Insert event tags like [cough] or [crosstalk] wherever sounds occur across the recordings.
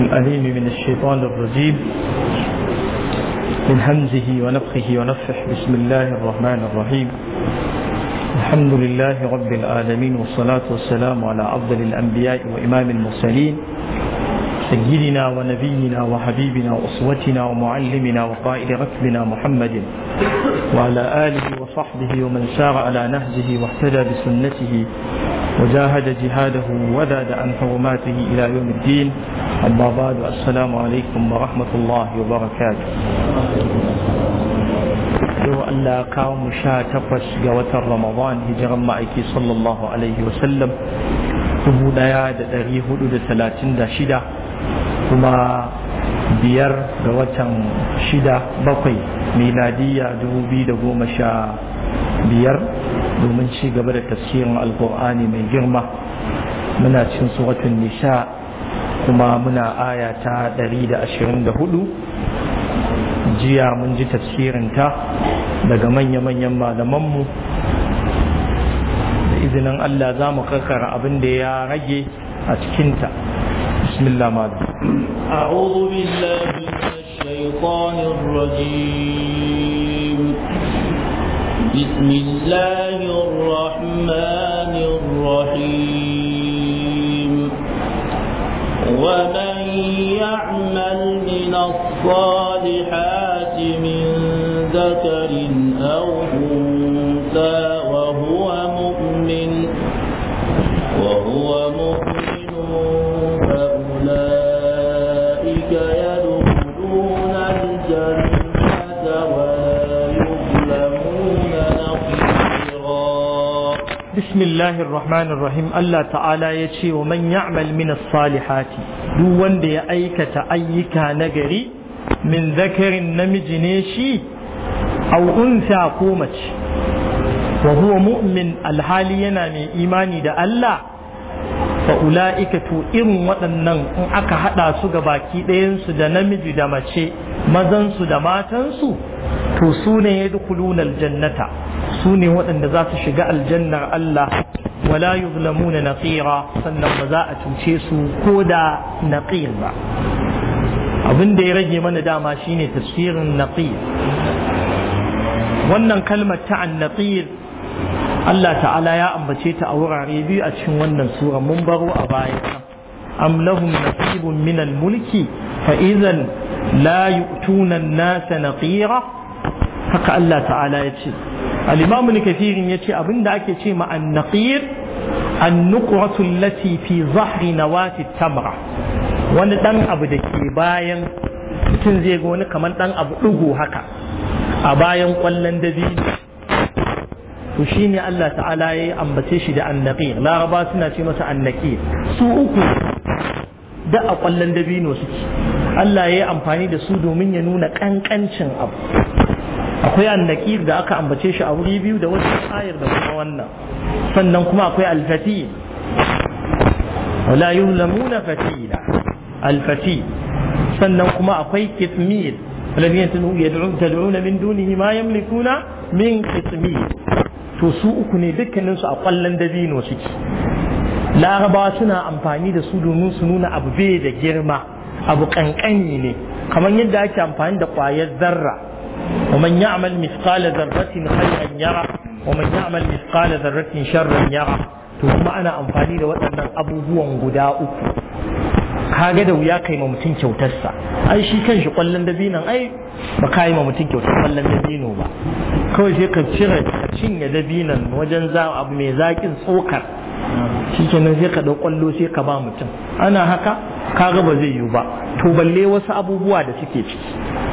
الأليم من الشيطان الرجيم من همزه ونفخه ونفح بسم الله الرحمن الرحيم الحمد لله رب العالمين والصلاة والسلام على أفضل الأنبياء وإمام المرسلين سيدنا ونبينا وحبيبنا وأسوتنا ومعلمنا وقائد ركبنا محمد وعلى آله وصحبه ومن سار على نهجه واهتدى بسنته وجاهد جهاده وذاد عن حرماته إلى يوم الدين أما بعد السلام عليكم ورحمة الله وبركاته yau Allah kawo mu sha takwas ga watan Ramadan hijiran ma'aiki sallallahu Alaihi wasallam dubu daya da dari hudu da talatin da shida kuma biyar ga watan shida bakwai miladiya dubu biyu da goma sha biyar domin ci gaba da tafsirin alkur'ani mai girma muna cin suratun nisha kuma muna aya ta 124 jiya mun ji ta daga manya-manyan malamanmu da izinin Allah za mu karkara abin da ya rage a cikinta bismillah أعوذ بالله من الشيطان الرجيم بسم الله الرحمن الرحيم ومن يعمل من الصالحات من ذكر أو بسم الله الرحمن الرحيم الله تعالى يتشي ومن يعمل من الصالحات دون دي أيك تأيك نجري من ذكر النمج نيشي أو أنثى قومت وهو مؤمن الحالي ينامي إيماني دا الله فأولئك تؤر وأنن إن أكا حدا سوغا باكي دين سودا نمج دا مچي مزن سودا ماتن سو تسون يدخلون الجنة su ne waɗanda za su shiga aljannar Allah wala yuzlamuna naqira sannan ba za a cuce su ko da naqir ba abin da ya rage mana dama shine tafsirin naqir wannan kalmar ta annaqir Allah ta'ala ya ambace ta a wurare biyu a cikin wannan sura mun baro a baya am lahum nasibun min mulki fa idan la yu'tuna an-nasa naqira haka Allah ta'ala ya ce al-imam ya ce abin abinda ake ce ma annakir naqir an-nuqratu allati fi zahri nawati wani dan abu da ke bayan mutum zai ga wani kamar dan abu ɗugu haka a bayan kwallon dabi to ne Allah ta'ala ya ambace shi da annaqir laraba suna ce masa annaqir su uku da a kwallon dabino suke Allah ya yi amfani da su domin ya nuna kankancin abu akwai annakir da aka ambace shi a wuri biyu da wasu ayar da kuma wannan sannan kuma akwai alfati wala yuhlamuna fatila alfati sannan kuma akwai kitmir alladhina yad'un tad'una min dunihi ma yamlikuna min kitmir to su uku ne dukkanin su a kwallon dabino suke larabawa suna amfani da su domin su nuna abu bai da girma abu kankani ne kamar yadda ake amfani da kwayar zarra ومن يعمل مثقال ذرة خيرا يره ومن يعمل مثقال ذرة شرا يره to kuma ana amfani da waɗannan abubuwan guda uku kaga da wuya kai ma mutum kyautarsa ai shi kan shi kwallon dabinan ai ba ka yi ma mutum kyautar kwallon dabino ba kawai sai ka cire ka cinye dabinan wajen za abu mai zaƙin tsokar shikenan sai ka dau kwallo sai ka ba mutum ana haka kaga ba zai yiwu ba to balle wasu abubuwa da suke ciki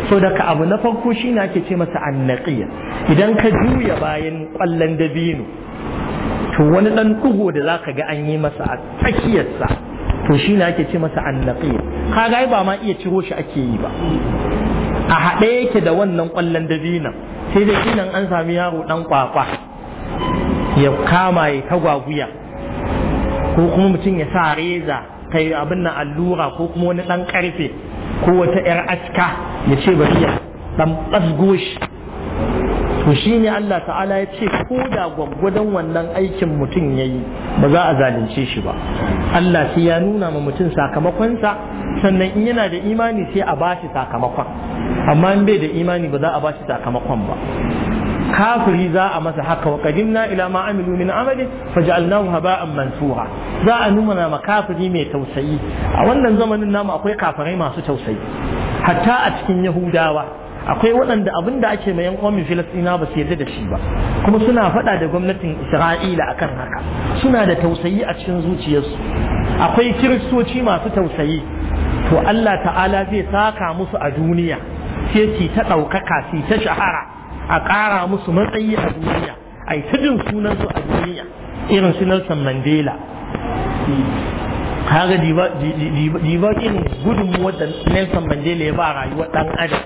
so daga abu na farko shine ake ce masa annaqiya idan ka juya bayan kwallon dabino to wani ɗan dugo da za ka ga an yi masa a tsakiyarsa to shine ake ce masa annaqiya ga ba ma iya ciro shi ake yi ba a haɗe yake da wannan kwallon dabinon sai dai kinan an sami yaro ɗan kwakwa ya kama ya tagwaguya ko kuma mutum ya sa reza kai abin nan allura ko kuma wani ɗan ƙarfe ko wata 'yar aska ya ce ba ya ɗan ɓasgo to shi ne Allah ta'ala ya ce ko da gwaggwadon wannan aikin mutum ya yi ba za a zalunce shi ba Allah sai ya nuna ma mutum sakamakonsa sannan in yana da imani sai a ba shi sakamakon amma in bai da imani ba za a ba shi sakamakon ba kafiri za a masa haka wa qadimna ila ma amilu min amalin faj'alnahu haba'an mansura za a nuna ma kafiri mai tausayi a wannan zamanin namu akwai kafirai masu tausayi hatta a cikin yahudawa akwai waɗanda abin da ake mai uwan filastina ba su yarda da shi ba kuma suna faɗa da gwamnatin isra'ila akan haka suna da tausayi a cikin zuciyarsu akwai kiristoci masu tausayi to allah ta'ala zai saka musu a duniya sai ta ɗaukaka su ta shahara a ƙara musu matsayi a duniya a yi tudun sunansu a duniya irin su Nelson Mandela kaga diba ne gudun wadda Nelson Mandela ya ba rayuwa ɗan adam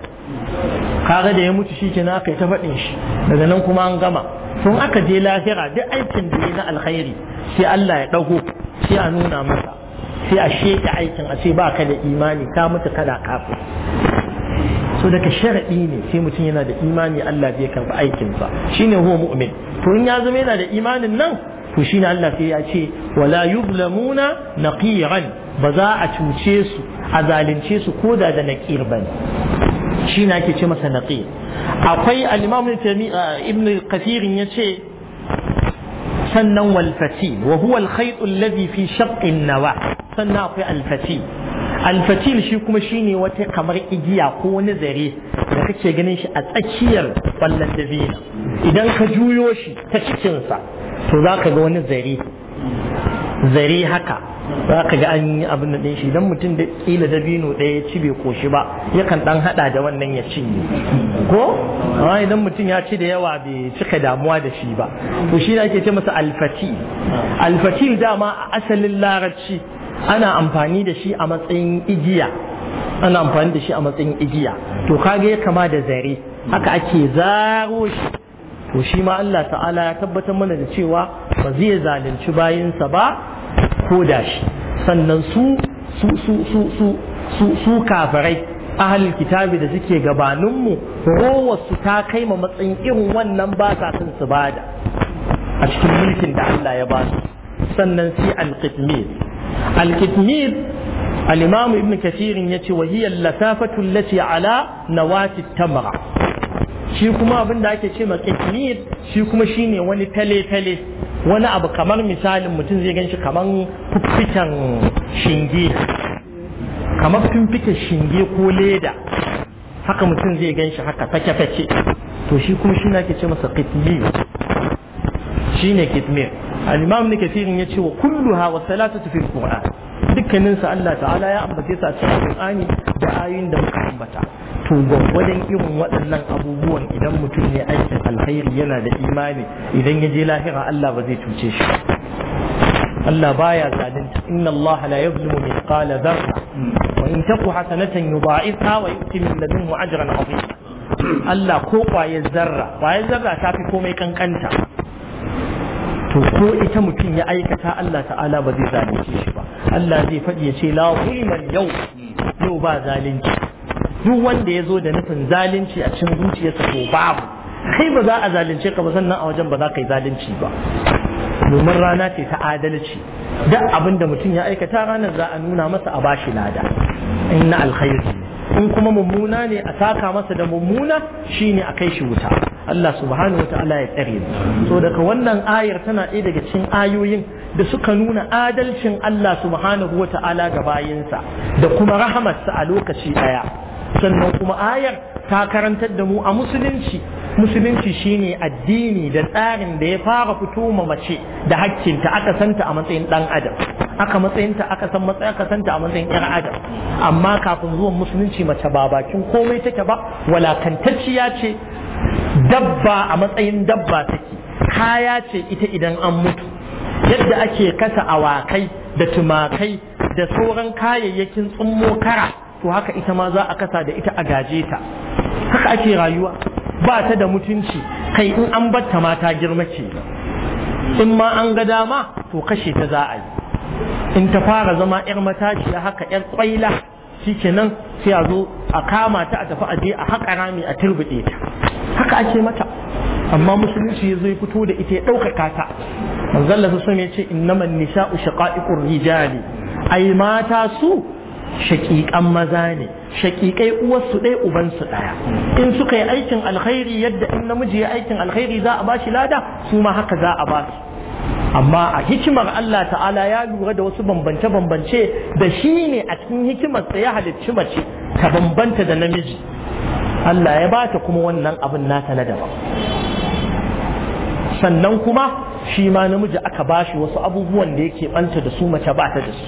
kaga da ya mutu shi ke na kai ta faɗin shi daga nan kuma an gama tun aka je lahira duk aikin da ya na alkhairi sai Allah ya ɗago sai a nuna masa sai a sheke aikin a sai ba ka da imani ka mutu kada kafin so daga sharaɗi ne sai mutum yana da imani Allah zai karɓi aikinsa shine huwa mu'min to in ya zama yana da imanin nan to shine Allah sai ya ce wala yuzlamuna naqiran ba za a cuce su a zalunce su ko da da naqir bane shine ake ce masa naqir akwai al-imam ibn uh, kathir yace sannan wal fati wa huwa al-khayt alladhi fi shaqqi an-nawa sannan akwai al-fati alfatil shi kuma shine wata kamar igiya ko wani zare da kake ganin shi a tsakiyar ƙwallon dabino idan ka juyo shi ta cikinsa to za ka ga wani zare zare haka za ka ga an yi abin da ɗin shi idan mutum da ƙila dabino ɗaya ya ci bai koshi ba yakan ɗan haɗa da wannan ya cinye ko amma idan mutum ya ci da yawa bai cika damuwa da shi ba to shi ake ce masa alfatil alfatil dama a asalin larabci ana amfani da shi a matsayin igiya ana amfani da shi a matsayin igiya to kage ya kama da zare haka ake zaro shi to shi ma Allah ta'ala ya tabbatar mana da cewa ba zai zalunci bayinsa ba ko da shi sannan su su su su su su su kafirai ahalin kitabi da suke gabaninmu rowarsu ta kai ma matsayin irin wannan ba sa sun su bada a cikin mulkin da Allah ya ba su sannan sai alƙitmir al-kitmir al-imam ibn kathir yace wa hiya al-latafatu allati shi kuma abin da ake ce ma kitmir shi kuma shine wani tale tale wani abu kamar misalin mutum zai ganshi kamar fiffiken shinge kamar fiffiken shinge ko leda haka mutum zai ganshi haka fake fake to shi kuma shi na ke ce masa kitmir shine kitmir al-imam ibn kathir ya ce wa kulluha wa salatatu fi al-qur'an dukkanin su Allah ta'ala ya ambace su a cikin qur'ani da ayoyin da muka ambata to gwagwadon irin waɗannan abubuwan idan mutum ne aikin alkhairi yana da imani idan ya je lahira Allah ba zai cuce shi Allah baya zalunta inna Allah la yuzlimu mithqala dharra wa in taku hasanatan yudha'ifha wa yu'ti min ladunhu ajran 'azima Allah ko kwayar zarra kwayar zarra ta fi komai kankanta to ko ita mutum ya aikata Allah ta'ala ba zai zalunce shi ba Allah zai faɗi ya ce la yau yau ba zalunci duk wanda ya zo da nufin zalunci a cikin zuciyarsa to babu kai ba za a zalunce ka ba sannan a wajen ba za ka yi zalunci ba domin rana ce ta adalci duk abin da mutum ya aikata ranar za a nuna masa a bashi lada inna alkhairi in kuma mummuna ne a saka masa da mummuna shine a kai shi wuta Allah subhanahu wa ta'ala ya tsare mu so daga wannan ayar tana ɗaya daga cikin ayoyin da suka nuna adalcin Allah subhanahu wa ta'ala ga bayinsa da kuma rahamarsa a lokaci ɗaya sannan kuma ayar ta karantar da mu a musulunci musulunci shine addini da tsarin da ya fara fito ma mace da hakkinta aka santa a matsayin ɗan adam aka matsayinta aka san matsayi aka santa a matsayin yar adam amma kafin zuwan musulunci mace ba bakin komai take ba walakantacciya ce dabba a matsayin dabba take kaya ce ita idan an mutu yadda ake kasa awakai da tumakai da sauran kayayyakin tsummo kara to haka ita ma za a kasa da ita a gaje ta haka ake rayuwa ba ta da mutunci kai in an batta mata girma ce in ma an ga dama to kashe ta za a yi in ta fara zama yar matashiya haka yar kwaila kenan sai a zo a kama ta a tafi aje a haƙa rami a turbuɗe ta haka ake mata amma musulunci ya zo ya fito da ita ya ɗaukaka ta manzalla su sun ce innaman nisha'u shaqa'iqur rijali ai mata su shaƙiƙan maza ne shaƙiƙai uwarsu ɗaya ubansu ɗaya in suka yi aikin alkhairi yadda in namiji ya aikin alkhairi za a ba shi lada su ma haka za a ba su amma a hikimar Allah ta'ala ya lura da wasu bambance-bambance da shi ne a cikin hikimar ya halicci mace ta bambanta da namiji Allah ya ba ta kuma wannan abin nata na daban sannan kuma shi ma namiji aka ba shi wasu abubuwan da yake banta da su mace ba ta da su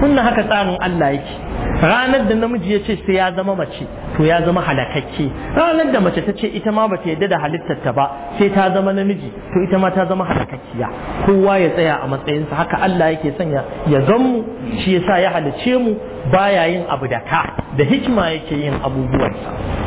kunna haka tsarin Allah yake ranar da namiji ya ce sai ya zama mace to ya zama halakakke ranar da mace ta ce ita ma bata yadda da halittar ta ba sai ta zama namiji to ita ma ta zama halakakkiya kowa ya tsaya a matsayinsa haka Allah yake sanya ya zan mu shi yasa ya halice mu baya yin abu da ka da hikima yake yin abubuwansa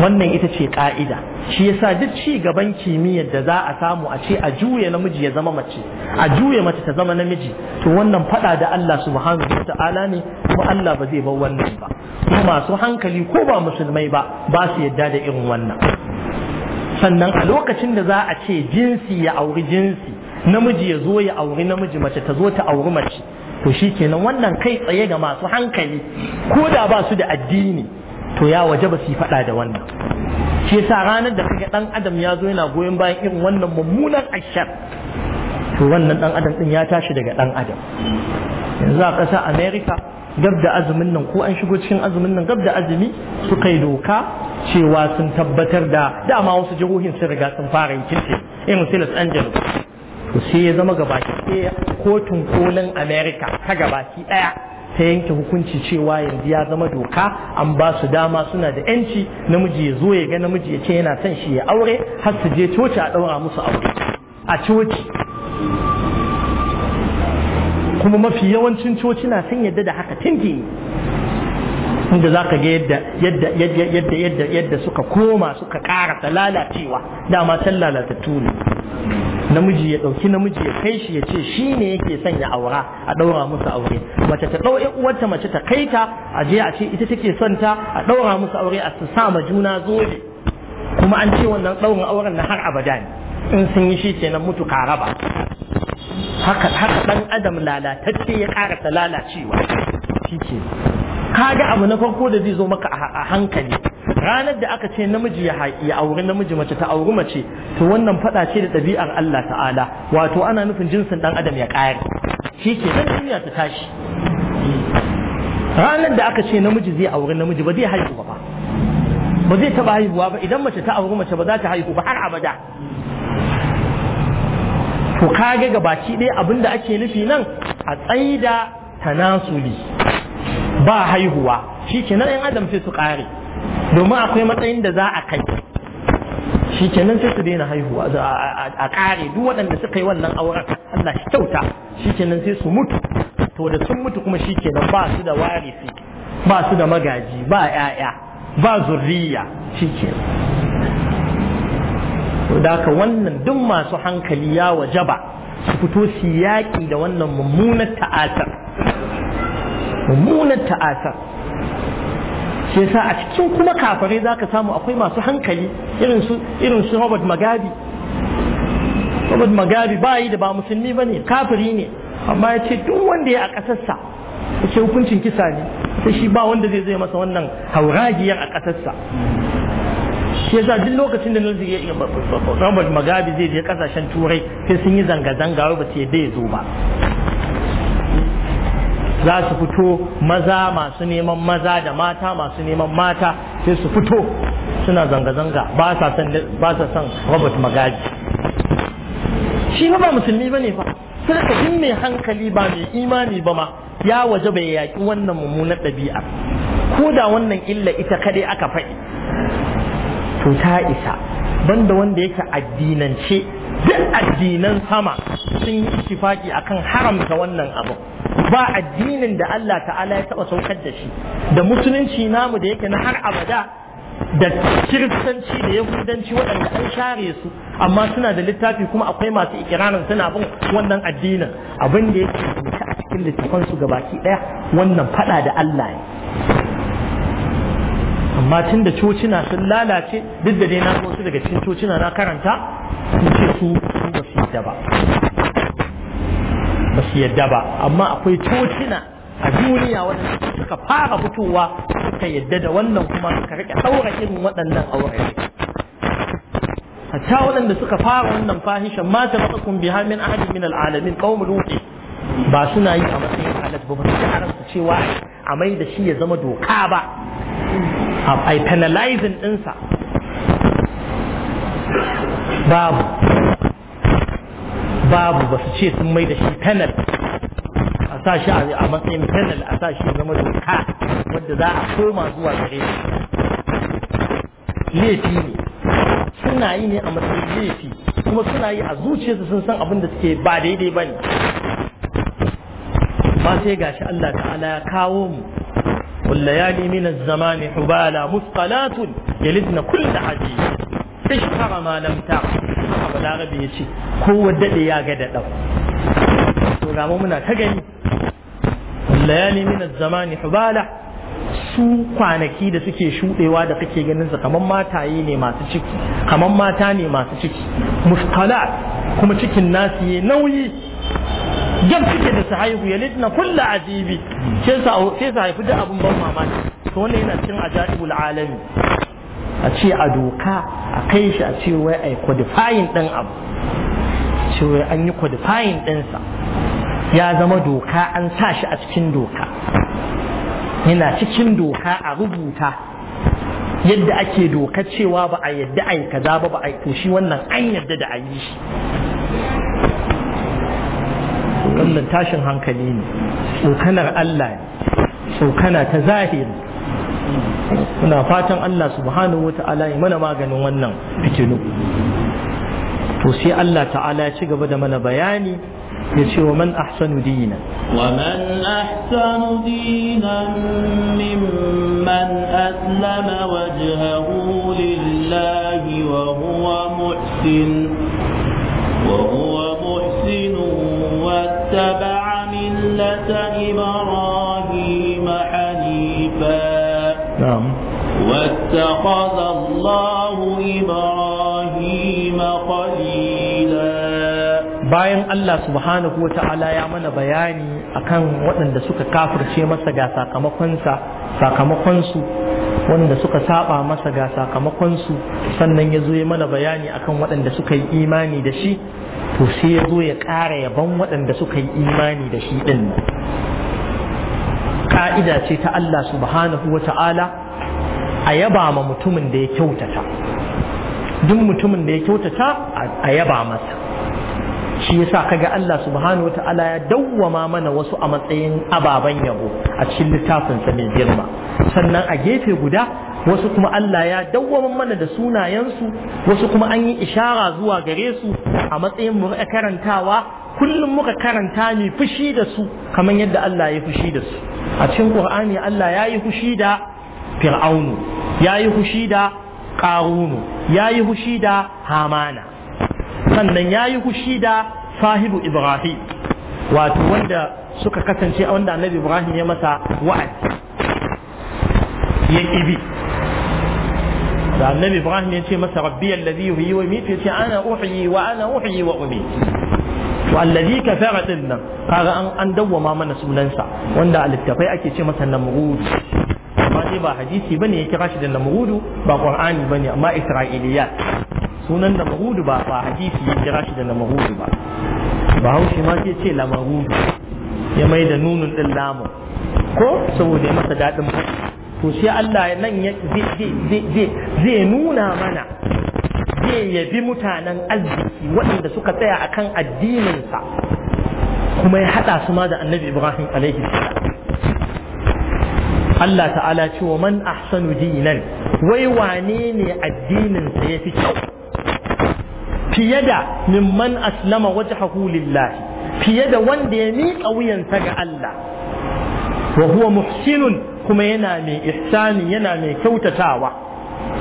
wannan ita ce ka'ida shi yasa duk ci gaban kimiyyar da za a samu a ce a juya namiji ya zama mace a juya mace ta zama namiji to wannan fada da Allah subhanahu wata'ala ne kuma Allah ba zai bar wannan ba kuma masu hankali ko ba musulmai ba ba su yadda da irin wannan sannan a lokacin da za a ce jinsi ya auri jinsi namiji ya zo ya auri namiji mace ta zo ta auri mace to shi kenan wannan kai tsaye ga masu hankali ko da ba su da addini to ya waje ba su yi faɗa da wannan shi yasa ranar da kaga dan adam ya zo yana goyon bayan irin wannan mummunan ashar to wannan dan adam din ya tashi daga dan adam yanzu a ƙasar america gab da azumin nan ko an shigo cikin azumin nan gab da azumi suka yi doka cewa sun tabbatar da dama wasu jihohin sun riga sun fara yin kirki irin su los angeles to sai ya zama gabaki ɗaya kotun kolin america ta gabaki ɗaya ta yanke hukunci cewa yanzu ya zama doka an ba su dama suna da yanci namiji ya zo ya ga namiji ya ce yana son shi ya aure har su je coci a ɗaura musu aure a coci kuma mafi yawancin coci na son yadda da haka tinki inda za ka ga yadda yadda yadda suka koma suka ƙara lalacewa dama can lalatattu ne namiji ya ɗauki namiji ya kai shi ya ce shi ne yake son ya aura a ɗaura musu aure mace ta ɗau uwarta mace ta kai ta a je a ce ita take son ta a ɗaura musu aure a su sa ma juna zobe kuma an ce wannan ɗaurin auren na har abada ne in sun yi shi kenan mutu karaba haka haka ɗan adam lalatacce ya ta lalacewa shi ke kaga abu na farko da zai zo maka a hankali ranar da aka ce namiji ya auri namiji mace ta auri mace to wannan fada ce da ɗabi'ar Allah ta'ala wato ana nufin jinsin ɗan adam ya ƙayar shi ke nan duniya ta tashi ranar da aka ce namiji zai auri namiji ba zai haihu ba ba zai taɓa haihuwa ba idan mace ta auri mace ba za ta haihu ba har abada to kage ga baki ɗaya abin da ake nufi nan a tsaida tanasuli ba haihuwa shi ke nan 'yan adam sai su ƙare domin akwai matsayin da za a kai shi kenan sai su daina haihuwa a ƙare duk waɗanda suka yi wannan auren Allah shi kyauta shi kenan sai su mutu to da sun mutu kuma shi kenan ba su da warisi ba su da magaji ba ƴaƴa ba zurriya shi kenan da ka wannan duk masu hankali ya wajaba su fito su yaƙi da wannan mummunar ta'atar mummunar ta'atar shi yasa a cikin kuma kafare zaka samu akwai masu hankali irin su irin su Robert Mugabe Robert Mugabe ba yi da ba musulmi bane kafiri ne amma ya ce duk wanda ya a ƙasarsa ya ce hukuncin kisa ne sai shi ba wanda zai zai masa wannan hauragiyar a ƙasarsa shi yasa duk lokacin da nazi ya Robert Mugabe zai je kasashen turai sai sun yi zanga-zanga ba su yadda ya zo ba za su fito maza masu neman maza da mata masu neman mata sai su fito suna zanga-zanga ba sa son robert magaji shi ba musulmi ba ne fa sai ka mai hankali ba mai imani ba ma ya waje bai yaƙi wannan mummunar ɗabi'a ko da wannan illa ita kadai aka faɗi to ta isa banda wanda yake addinance duk addinan sama sun yi ittifaki akan haramta wannan abu ba addinin da Allah ta'ala ya taba saukar da shi da musulunci namu da yake na har abada da kiristanci da yahudanci waɗanda an share su amma suna da littafi kuma akwai masu ikirarin suna bin wannan addinin abin da yake a cikin littafan su gabaki ɗaya wannan faɗa da Allah ne amma tun da cocina sun lalace duk da dai na wasu daga cikin cocina na karanta sun ce su ba su yadda ba ba su yadda ba amma akwai cocina a duniya wanda suka fara fitowa suka yadda da wannan kuma suka rike saura irin waɗannan aure ta waɗanda suka fara wannan fahishan ma ta baka kun biha min ahadin min al'alamin ba suna yi a matsayin halat ba ba su haramta cewa a mai da shi ya zama doka ba a penalizing ɗinsa babu babu ba su ce sun mai da shi panel a sa shi a matsayin panel a sa shi zama doka wadda za a koma zuwa gare shi laifi ne suna yi ne a matsayin laifi kuma suna yi a zuciyarsa sun san abin da suke ba daidai ba ne Ba sai gashi Allah ta'ala ya kawo mu والليالي من zamani hubala مثقلات yalidna كل حديث ishtara ma lam ta haka balarabe ya ce kowa daɗe ya ga daɗa ɗau to ga muna ta gani layali min zamani hubala su kwanaki da suke shuɗewa da suke ganin su kamar mataye ne masu ciki kamar mata ne masu ciki muskala kuma cikin nasu ya nauyi jam suke da su haihu ya lidna kulla azibi sai su haifi da abin ban mamaki to wannan yana cikin ajaibul alami a ce a doka a kai shi a ce wai a yi kodifayin ɗin abu ce wai an yi kodifayin ɗinsa ya zama doka an sa shi a cikin doka yana cikin doka a rubuta yadda ake doka cewa ba a yadda a yi kaza ba ba a yi shi wannan an yadda da a yi shi wannan tashin hankali ne tsokanar Allah ne tsokana ta zahiri muna fatan Allah subhanahu ta'ala ya mana maganin wannan fitinu to sai Allah ta'ala ya ci gaba da mana bayani ya ce wa man ahsanu dina wa man ahsanu dinan mimman aslama wajhahu lillahi wa huwa muhsin wa huwa muhsin wattaba'a millata ibrahim اتخذ الله إبراهيم خليلا bayan Allah subhanahu wa ta'ala ya mana bayani akan waɗanda suka kafirce masa ga sakamakonsa sakamakonsu wanda suka saba masa ga sakamakonsu sannan ya zo ya mana bayani akan waɗanda suka yi imani da shi to sai ya zo ya ƙara yaban waɗanda suka yi imani da shi ɗin ka'ida ce ta Allah subhanahu wa ta'ala a yaba ma mutumin da ya kyautata duk mutumin da ya kyautata a yaba masa shi yasa kaga Allah subhanahu wata'ala ya dawwama mana wasu a matsayin ababen yabo a cikin littafin sa mai girma sannan a gefe guda wasu kuma Allah ya dawwama mana da sunayensu wasu kuma an yi ishara zuwa gare su a matsayin mu karantawa kullum muka karanta ne fushi da su kamar yadda Allah ya fushi da su a cikin Qur'ani Allah ya yi fushi da Fir'aunu ya yi hushi da ƙarunu ya yi hushi da hamana sannan ya yi hushi da sahibu ibrahim wato wanda suka kasance a wanda annabi ibrahim ya masa wa'azi ya ibi da annabi ibrahim ya ce masa rabbi allazi yuhyi wa yumiitu ya ce ana uhyi wa ana uhyi wa umiit to allazi kafara din nan kaga an dawwama mana sunansa wanda a littafai ake ce masa namrud dai ba hadisi bane ya kira shi da namrudu ba qur'ani bane amma isra'iliyat sunan namrudu ba ba hadisi ya kira shi da namrudu ba ba haushi ma ke ce lamarudu ya mai da nunun din lamun ko saboda ya masa dadin to sai Allah nan ya zai nuna mana zai yabi mutanen arziki waɗanda suka tsaya akan addininsa kuma ya haɗa su ma da annabi ibrahim alaihi salam Allah ta'ala ce wa man ahsanu dinan wai wane ne addinin sa yafi kyau fiye da mimman aslama wajhahu hakulillahi fiye da wanda ya miƙa wuyansa ga Allah wa huwa muhsinun kuma yana mai ihsani yana mai kyautatawa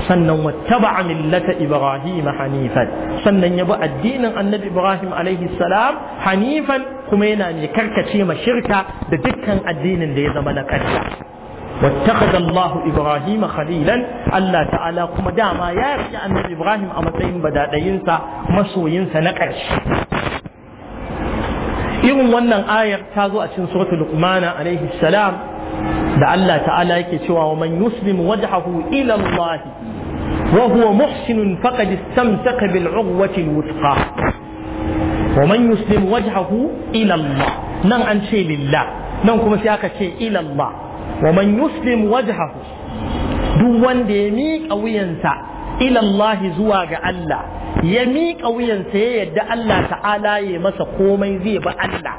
sannan wattaba'a millata ibrahim hanifan sannan ya bi addinin annabi ibrahim alaihi salam hanifan kuma yana mai karkace ma shirka da dukkan addinin da ya zama na karya واتخذ الله إبراهيم خليلا الله تعالى كما داما يارجع أن إبراهيم أما تين بدا دينسا مسو ينسى نقرش irin wannan ayar ta zo a cikin suratul luqmana alaihi salam da Allah ta'ala yake cewa wa man yuslim wajhahu ila Allah wa huwa muhsinun faqad istamsaka bil urwati al wuthqa wa man yuslim wajhahu ila Allah nan an ce lillah nan kuma sai aka ce ila Allah wa man yuslim wajhahu duk wanda ya miƙa wuyansa ila Allah zuwa ga Allah ya miƙa wuyansa ya yarda Allah ta'ala ya masa komai zai ba Allah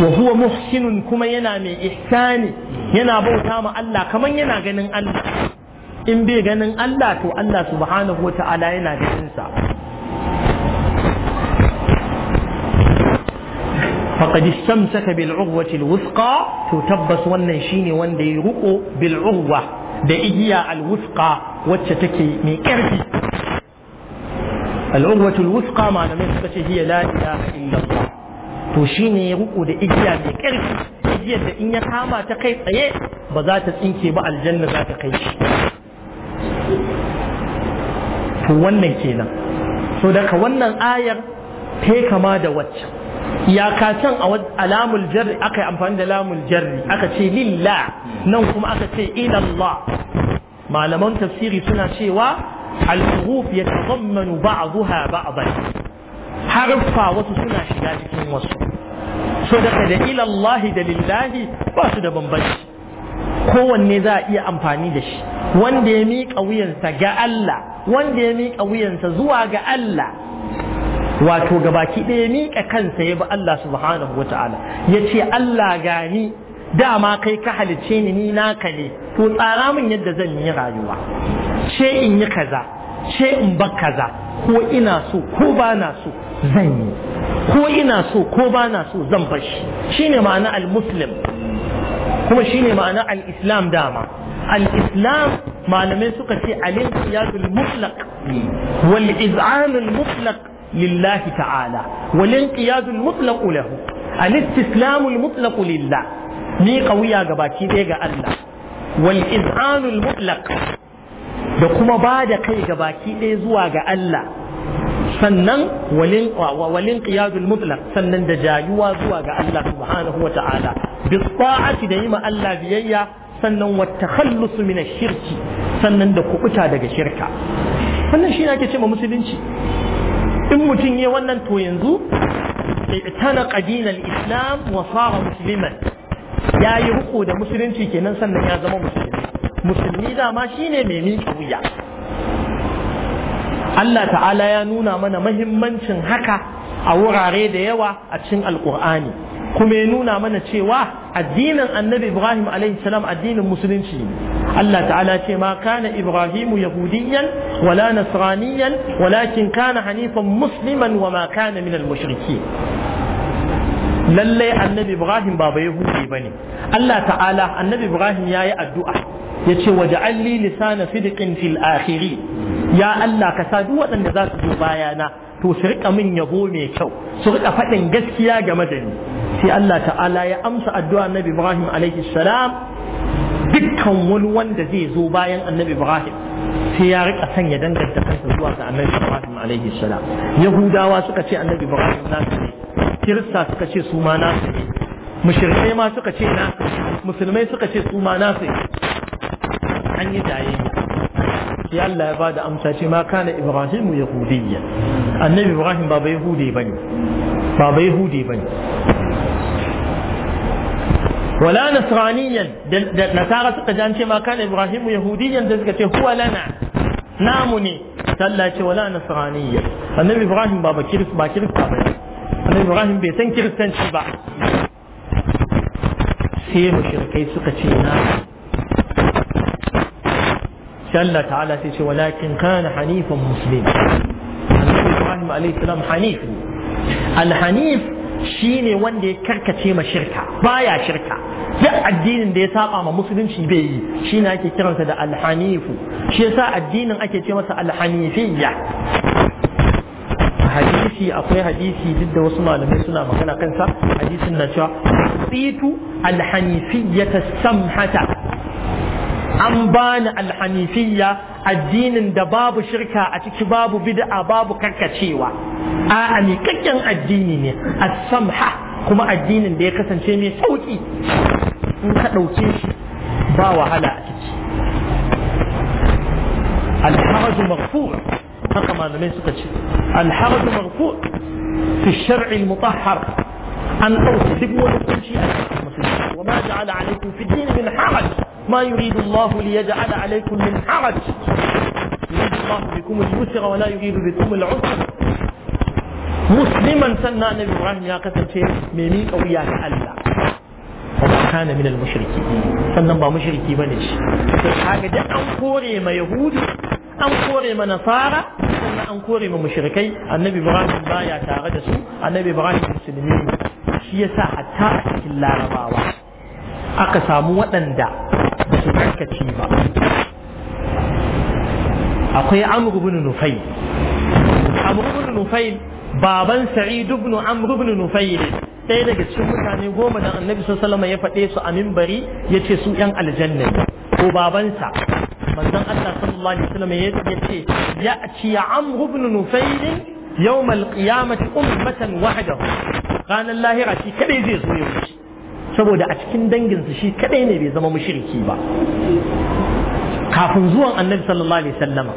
wa huwa muhsinun kuma yana mai ihsani yana bauta ma Allah kaman yana ganin Allah in bai ganin Allah to Allah subhanahu wa ta'ala yana ganin sa faqad istamsaka bil urwati al to tabbas wannan shine wanda ya ruko bil urwa da igiya al wacce take mai karfi al malamai suka ce hiya la ilaha illallah to shine ya ruko da igiya mai karfi igiyar da in ya kama ta kai tsaye ba za ta tsinke ba aljanna za ta kai shi to wannan kenan so daga wannan ayar ta kama da waccan iyaka can a alamul jarri aka yi amfani da lamul jarri aka ce lillah nan kuma aka ce ilallah malaman tafsiri suna cewa al-huruf zuha ba'daha ba'dan harfa wasu suna shiga cikin wasu so daga da ilallahi da lillahi ba su da bambanci kowanne za a iya amfani da shi wanda ya miƙa wuyansa ga Allah wanda ya miƙa wuyansa zuwa ga Allah wato gabaki ɗaya miƙa kansa ya bi Allah subhanahu wa ta'ala ya ce Allah gani dama kai ka halice ni ni naka ne to tsara min yadda zan yi rayuwa ce in yi kaza ce in bar kaza ko ina so ko ba na so zan yi ko ina so ko ba na so zan bashi shine ma'ana al-muslim kuma shine ma'ana al-islam dama الإسلام ما لم يسوق شيء عليه القياد المطلق والإذعان المطلق lillahi ta'ala walin qiyadul mutlaq lahu al-istislamul mutlaq lillah ni kawiya gabaki ɗaya ga Allah wal iz'anul da kuma ba da kai gabaki ɗaya zuwa ga Allah sannan walin walin qiyadul mutlaq sannan da jayuwa zuwa ga Allah subhanahu wata'ala bi ta'ati da yima Allah biyayya sannan wa takhallus min ash-shirki sannan da kubuta daga shirka wannan shi ake cewa musulunci in mutum ya wannan to yanzu tana qadinal islam wa sara musliman ya yi riko da musulunci kenan sannan ya zama musulmi musulmi dama shine mai miƙa wuya Allah ta'ala ya nuna mana mahimmancin haka a wurare da yawa a cikin alkur'ani kuma ya nuna mana cewa addinin annabi ibrahim alaihi salam addinin musulunci ne Allah ta'ala ce ma kana Ibrahimu yahudiyan wala nasraniyan walakin kana hanifan musliman wa ma kana minal mushriki lallai annabi Ibrahim ba ba yahudi bane Allah ta'ala annabi Ibrahim yayi addu'a yace waja'alli lisana sidqin fil akhiri ya Allah ka sa duk waɗanda za su zo bayana to su rika min yabo mai kyau su rika faɗin gaskiya game da ni sai Allah ta'ala ya amsa addu'a Annabi Ibrahim alaihi salam dukkan wani wanda zai zo bayan annabi ibrahim sai ya rika sanya danganta kansa zuwa ga annabi ibrahim alaihi salam yahudawa suka ce annabi ibrahim na ne kirista suka ce su ma nasu ne mushrikai ma suka ce na musulmai suka ce su ma nasu ne an yi jaye sai Allah ya bada amsa ce ma kana ibrahim yahudiyya annabi ibrahim ba ba yahudi bane ba ba yahudi bane ولا نصرانيا نصارى تقدان كما كان ابراهيم يهوديا تزكتي هو لنا ناموني صلى ولا نصرانيا النبي ابراهيم بابا كيرس با كيرس بابا النبي ابراهيم بيتن كيرس تنشي با سيه شركي سكتي نام صلى تعالى تيشي ولكن كان حنيفا مسلما النبي ابراهيم عليه السلام حنيف الحنيف شيني وندي كركتي ما شركه بايا شركه duk addinin da ya saba ma musulunci bai yi shi ne ake kiransa da alhanifu shi yasa addinin ake ce masa alhanifiyya hadisi akwai hadisi duk da wasu malamai suna magana kansa hadisin na cewa tsitu ta samhata an bani alhanifiyya addinin da babu shirka a ciki babu bid'a babu karkacewa a'a miƙaƙƙen addini ne a samha kuma addinin da ya kasance mai sauki in ka ɗauke shi ba wahala a ciki alharaju marfu haka malamai suka ce alharaju marfu fi shar'i mutahhar an ɗauke duk wani kunci a cikin musulmi wa ma ja'ala alaikum fi dini min haraj ma yuridu Allah li yaj'ala alaikum min haraj يريد الله بكم اليسر ولا يريد بكم العسر مسلما سنة النبي إبراهيم يا قتل شيء ميمي أو يا الله wa kana min al-mushriki sannan ba mushriki bane shi to kaga da an kore ma yahudi an kore ma nasara sannan an kore ma mushrikai annabi ibrahim baya tare da su annabi ibrahim musulmi shi yasa hatta a cikin larabawa aka samu waɗanda su karkace ba akwai amr ibn nufail amr ibn nufail baban sa'id ibn amr ibn ɗaya daga cikin mutane goma da annabi salama ya faɗe su a mimbari ya ce su ‘yan aljanna ko babansa manzon Allah sallallahu alaihi wasallam ya ce ya ci ya amru ibn nufail yau al-qiyamati ummatan wahada ranar lahira shi kadai zai zo ya wuce saboda a cikin danginsa shi kadai ne bai zama mushriki ba kafin zuwan annabi sallallahu alaihi wasallama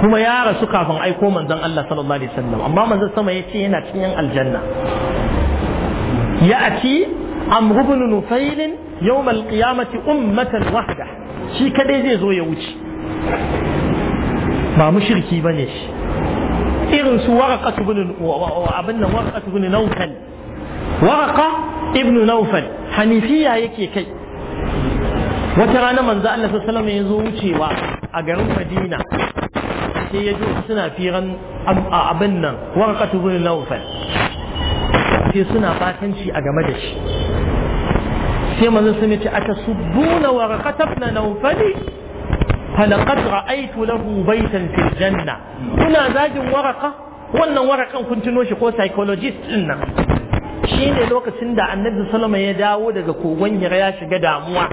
kuma ya rasu kafin aiko manzon Allah sallallahu alaihi wasallam amma manzon sama ya ce yana cikin aljanna Ya ya'ti amr ibn nufail yawm al-qiyamati ummatan wahda shi kadai zai zo ya wuce ba mushriki bane shi irin su waraqatu ibn abin nan waraqatu ibn nawfal waraqa ibn nawfal hanifiya yake kai wata rana manzo Allah sallallahu alaihi wasallam ya zo wucewa a garin Madina sai ya ji suna firan abin nan warqatu bin nawfal sai suna batanci a game da shi sai manzo sun ce atasubbuna warqatu bin nawfal falaqad ra'aytu lahu baytan fil janna kuna zagin waraka wannan warakan kun tuno shi ko psychologist din nan ne lokacin da annabi Salama ya dawo daga kogon hira ya shiga damuwa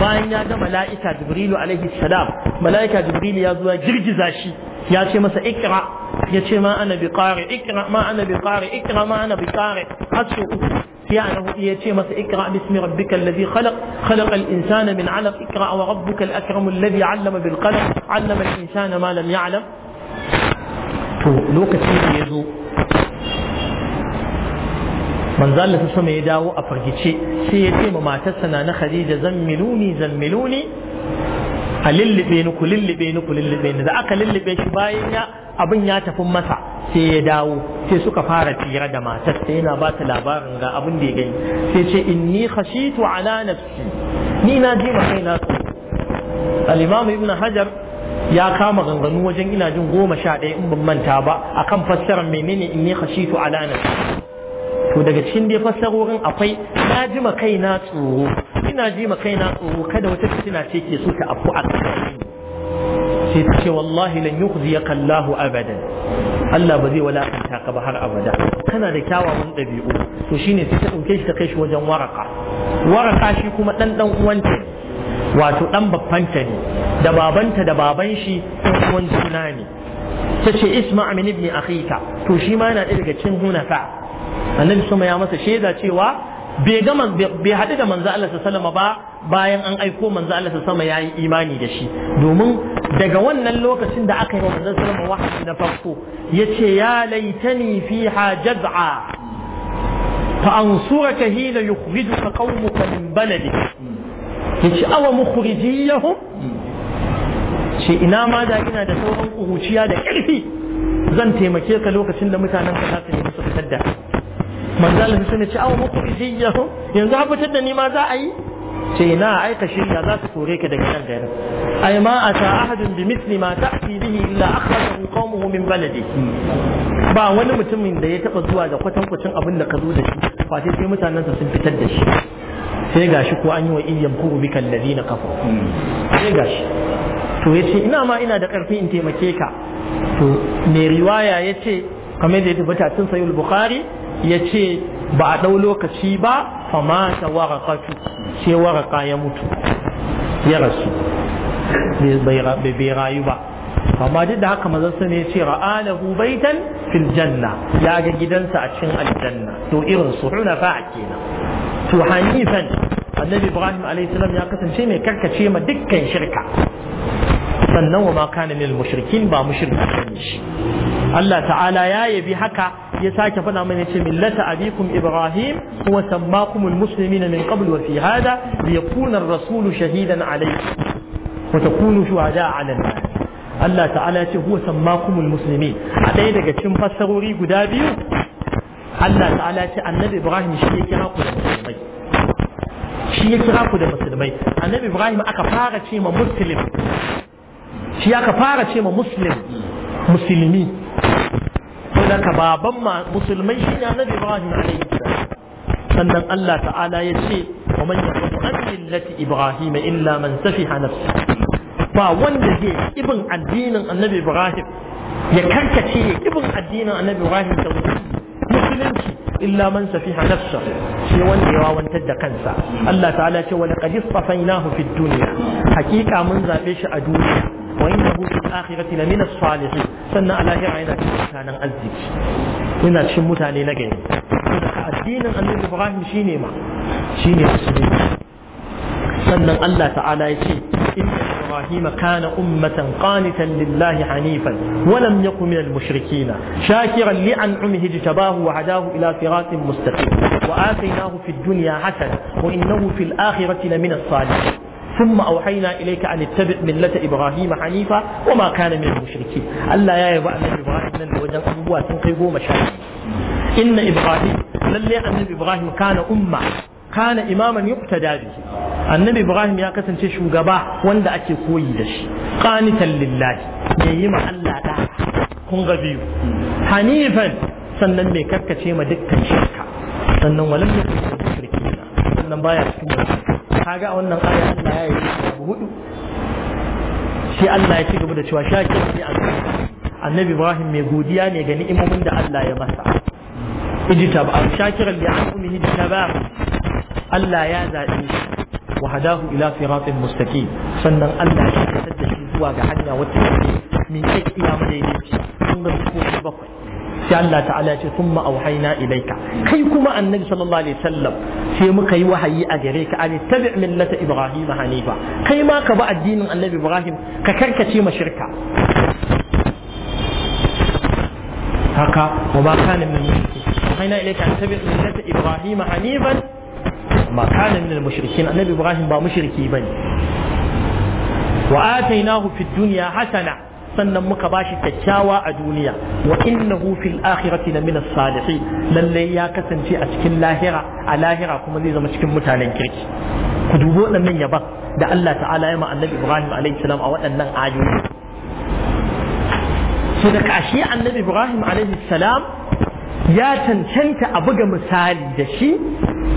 bayan ya ga mala'ika jibrilu alaihi salam mala'ika jibrilu ya zo ya girgiza shi ya ce masa ikra ya ce ma ana biqari ikra ma ana biqari ikra ma ana biqari hasu ya ana ya ce masa ikra bismi rabbika alladhi khalaq khalaqa al-insana min 'alaq ikra wa rabbuka al-akram alladhi 'allama bil qalam 'allama al-insana ma lam ya'lam to lokacin da ya zo manzo Allah sama ya dawo a fargice sai ya ce ma matarsa na na Khadija zammiluni zammiluni a lullube ni ku lullube ni ku lullube ni da aka lullube shi bayan ya abin ya tafi masa sai ya dawo sai suka fara tira da matar sai yana ba ta labarin ga abin da ya gani sai ce inni khashitu ala nafsi ni na ji ma kaina al-imam ibn hajar ya kama ganganu wajen ina jin goma sha ɗaya in ban manta ba akan fassarar menene inni khashitu ala nafsi to daga cikin dai fassarorin akwai na ji ma kaina tsoro ina ji ma kaina tsoro kada wata fitina ce ke so ta afu a tsakanin sai ta ce wallahi lan yukhziyaka Allah abadan Allah ba zai walakanta ka ba har abada kana da kyawawan ɗabi'u to shine sai ta dauke shi ta kai shi wajen waraka waraka shi kuma dan dan uwanta wato dan ta ne da babanta da baban shi uwan juna ne ta ce isma min ibni akhika to shi ma yana daga cikin hunaka annabi sama ya masa shaida cewa bai bai haɗu da manzo Allah sallama ba bayan an aiko manzo Allah sallama ya yi imani da shi domin daga wannan lokacin da aka yi wa manzo sallama wahayi na farko yace ya laitani fiha jaz'a fa ansuraka hina yukhrijuka qaumuka min baladik yace awa mukhrijiyahum ce ina ma da ina da sauran kuhuciya da ƙarfi zan taimake ka lokacin da mutanen ka za su nemi su fitar da su suna ce awa muku iziyyahu yanzu ha fitar da ni ma za a yi ce na aika shirya za su kore ka daga nan gari. ai ma a ta ahadin bi misli ma ta fi bihi illa akhrajahu qawmuhu min baladi ba wani mutumin da ya taba zuwa da kwatankwacin abin da ka zo da shi kwace sai mutanen sun fitar da shi sai gashi ko an yi wa iyyam kuru bi na kafaru sai gashi to yace ina ma ina da karfi in taimake ka to mai riwaya yace kamar da ya tabbata tun sayyid bukhari ya ce ba a ɗau lokaci ba fama ta waraka ce waraka ya mutu ya rasu bai rayu ba amma duk da haka mazan ne ya ce ra'anahu baitan fil janna ya ga gidansa a cikin aljanna to irin su hunafa a kenan to hanifan annabi ibrahim alaihi ya kasance mai karkace ma dukkan shirka sannan wa ma kana minal mushrikin ba mushriki ne shi Allah ta'ala ya yabi haka ya sake faɗa mana ce millata abikum ibrahim huwa sammakumul muslimina min qabl wa fi hada li yakuna ar-rasul shahidan alaykum wa takunu shuhada 'ala an-nas Allah ta'ala ce huwa sammakumul muslimin a ɗaya daga cikin fassarori guda biyu Allah ta'ala ce annabi ibrahim shi ya kira ku da shi ya kira ku da musulmai annabi ibrahim aka fara ce ma muslim shi ya ka fara ce ma muslim musulmi to da ka baban ma musulmai shi ne annabi ibrahim alaihi sannan Allah ta'ala ya ce wa man yaqulu an millati ibrahim illa man safiha nafsa ba wanda zai ibin addinin annabi ibrahim ya karkace ya ibin addinin annabi ibrahim da musulunci illa man safiha nafsa sai wanda ya wawantar da kansa Allah ta'ala ce wa laqad istafainahu fid duniya. hakika mun zaɓe shi a duniya wa innahu fil akhirati la min as-salihin sannan a lahira yana cikin mutanen arziki ina cikin mutane na gari addinin annabi ibrahim shine ma shine musulunci sannan Allah ta'ala ya ce inna ibrahim kana ummatan qanitan lillahi hanifan wa lam yakun minal mushrikeen shakiran li an'amihi jtabahu wa hadahu ila siratin mustaqim wa atainahu fid dunya hasana wa innahu fil akhirati min as-salihin ثم أوحينا إليك أن اتبع ملة إبراهيم حنيفا وما كان من المشركين ألا يا يبقى أن إبراهيم من وجن أبوه تنقبوا مشاهد إن إبراهيم للي أن إبراهيم كان أمة كان إماما يقتدى به annabi ibrahim ya kasance shugaba wanda ake koyi da shi qanitan lillahi mai yi ma Allah da kun biyu sannan mai karkace ma dukkan shirka sannan walam yakun mushrikina sannan baya cikin kaga a wannan aya Allah ya yi abu hudu sai Allah ya ci gaba da cewa shakir ne annabi Ibrahim mai godiya ne ga ni'imomin da Allah ya masa da al shakiran li an'umihi ba? Allah ya zabe shi wa hadahu ila siratin mustaqim sannan Allah ya fitar da shi zuwa ga hanya wacce min kai iya madaidaici kun ga bakwai sai Allah ta'ala ce thumma auhayna ilaika kai kuma annabi sallallahu alaihi wasallam sai muka yi wahayi a gare ka an tabi' millata ibrahim hanifa kai ma ka bi addinin annabi ibrahim ka karkace mashirka. haka wa ma kana min auhayna ilaika an tabi' millata ibrahim hanifan ma kana min al-mushrikin annabi ibrahim ba mushriki bane wa atainahu fid dunya hasana sannan muka bashi kyakkyawa a duniya wa innahu fil akhirati la min as-salihin lalle ya kasance a cikin lahira a lahira kuma zai zama cikin mutanen kirki ku dubo waɗannan bar da Allah ta'ala ya ma annabi Ibrahim alaihi salam a waɗannan ayoyi so da kashi annabi Ibrahim alaihi salam ya cancanta a buga misali da shi